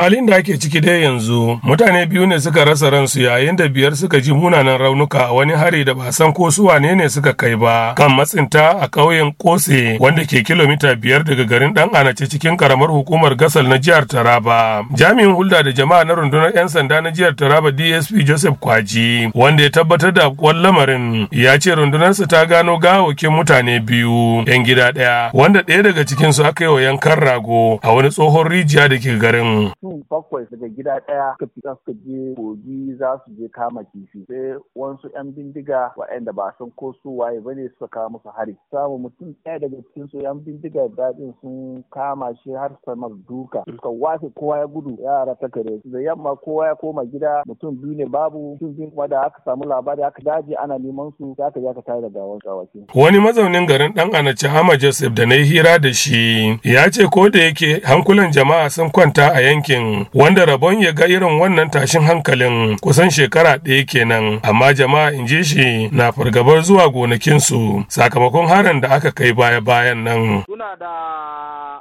halin da ake ciki dai yanzu mutane biyu ne suka rasa ransu yayin da biyar suka ji munanan raunuka a wani hari da ba san ko su wane ne suka kai ba kan matsinta a ƙauyen kose wanda ke kilomita biyar daga garin dan anace cikin karamar hukumar gasal na jihar taraba jami'in hulɗa da jama'a na rundunar 'yan sanda na jihar taraba dsp joseph kwaji wanda ya tabbatar da kwan lamarin ya ce rundunarsa ta gano gawakin mutane biyu 'yan gida ɗaya wanda ɗaya daga cikin su aka yi wa yankan rago a wani tsohon rijiya da ke garin. mutum bakwai daga gida ɗaya suka fita suka je kogi za su je kama kifi sai wasu 'yan bindiga waɗanda ba san ko su waye ba ne suka kawo musu hari samu mutum ɗaya daga cikin su 'yan bindiga daɗin sun kama shi har samar duka suka wafe kowa ya gudu yara ta kare da yamma kowa ya koma gida mutum biyu ne babu mutum biyu kuma da aka samu labari aka daji ana neman su za ka ka tare da gawan gawaki. Wani mazaunin garin ɗan Anace Hama Joseph da na yi hira da shi ya ce ko da yake hankulan jama'a sun kwanta a yankin ɗin wanda rabon ya ga irin wannan tashin hankalin kusan shekara ɗaya kenan amma jama'a in ji shi na fargabar zuwa gonakinsu sakamakon harin da aka kai baya-bayan nan. Suna da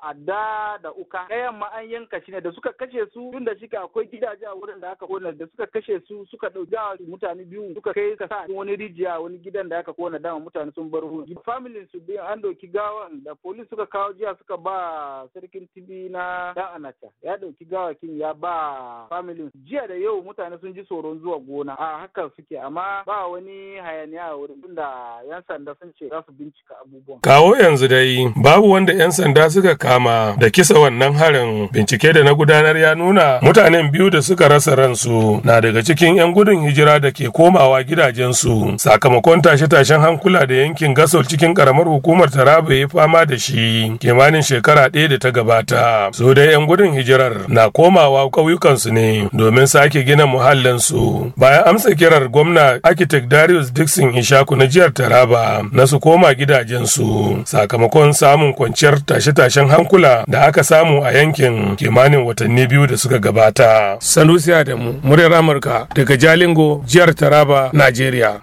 adda da uka ɗayan ma an yanka shi ne da suka kashe su tun da shika akwai gidaje a wurin da aka kona da suka kashe su suka ɗauki mutane biyu suka kai ka sa wani rijiya wani gidan da aka kona dama mutane sun bar hudu. family su biyan an ɗauki gawan da police suka kawo jiya suka ba sarkin tibi na da anata ya ɗauki gawan dawakin ya ba family jiya da yau mutane sun ji tsoron zuwa gona a haka suke amma ba wani hayaniya a wurin tunda yan sanda sun ce za su bincika abubuwan kawo yanzu dai babu wanda yan sanda suka kama da kisa wannan harin bincike da na gudanar ya nuna mutanen biyu da suka rasa ransu na daga cikin yan gudun hijira da ke komawa gidajensu sakamakon tashe-tashen hankula da yankin gasol cikin karamar hukumar taraba ya fama da shi kimanin shekara ɗaya da ta gabata su dai yan gudun hijirar na komawa ƙauyukansu ne domin sake gina muhallinsu. Bayan amsa kirar gwamna architect Darius Dixon Ishaku na jihar Taraba na su koma gidajensu sakamakon samun kwanciyar tashe-tashen hankula da aka samu a yankin kimanin watanni biyu da suka gabata. Sanusi Adamu, muryar Amurka daga Jalingo, jihar Taraba, Najeriya.